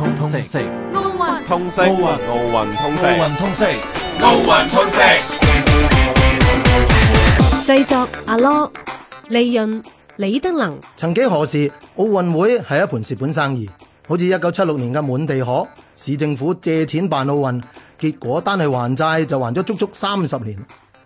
通通食，奧運，奧運，奧運通奧運通食，奧運通食。製作阿 l 利潤李德能。曾經何時奧運會係一盤蝕本生意。好似一九七六年嘅滿地可，市政府借錢辦奧運，結果單係還債就還咗足足三十年。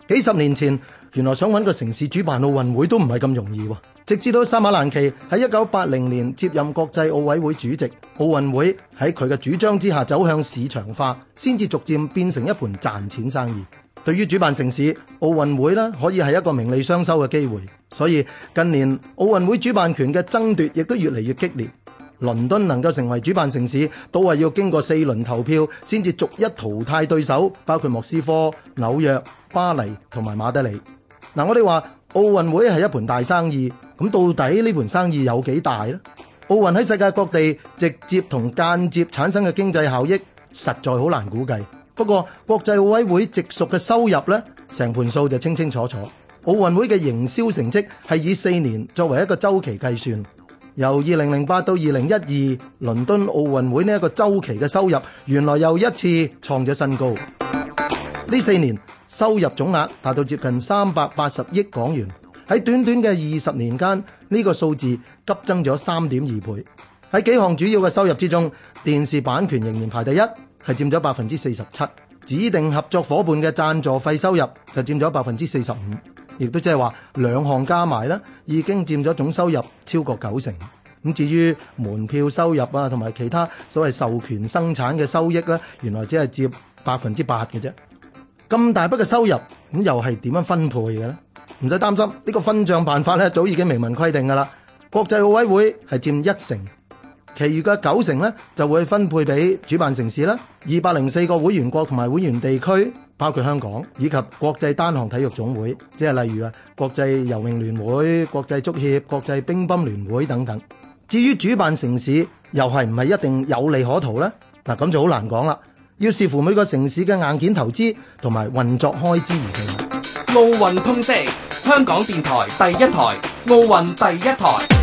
幾十年前，原來想揾個城市主辦奧運會都唔係咁容易喎。直至到薩馬蘭奇喺一九八零年接任國際奧委會主席，奧運會喺佢嘅主張之下走向市場化，先至逐漸變成一盤賺錢生意。對於主辦城市，奧運會呢可以係一個名利雙收嘅機會，所以近年奧運會主辦權嘅爭奪亦都越嚟越激烈。倫敦能夠成為主辦城市，都係要經過四輪投票，先至逐一淘汰對手，包括莫斯科、紐約、巴黎同埋馬德里。嗱，我哋話奧運會係一盤大生意，咁到底呢盤生意有幾大呢？奧運喺世界各地直接同間接產生嘅經濟效益，實在好難估計。不過國際奧委會直屬嘅收入呢，成盤數就清清楚楚。奧運會嘅營銷成績係以四年作為一個周期計算。由二零零八到二零一二倫敦奧運會呢一個周期嘅收入，原來又一次創咗新高。呢四年收入總額達到接近三百八十億港元，喺短短嘅二十年間，呢個數字急增咗三點二倍。喺幾項主要嘅收入之中，電視版權仍然排第一，係佔咗百分之四十七；指定合作伙伴嘅贊助費收入就佔咗百分之四十五。亦都即係話兩項加埋咧，已經佔咗總收入超過九成。咁至於門票收入啊，同埋其他所謂授權生產嘅收益咧、啊，原來只係佔百分之八嘅啫。咁大筆嘅收入，咁又係點樣分配嘅咧？唔使擔心，呢、呢個分賬辦法咧，早已經明文規定噶啦。國際奧委會係佔一成。其餘嘅九成呢，就會分配俾主辦城市啦。二百零四個會員國同埋會員地區，包括香港以及國際單項體育總會，即係例如啊，國際游泳聯會、國際足協、國際乒乓聯會等等。至於主辦城市，又係唔係一定有利可圖呢？嗱，咁就好難講啦。要視乎每個城市嘅硬件投資同埋運作開支而定。奧運通識，香港電台第一台，奧運第一台。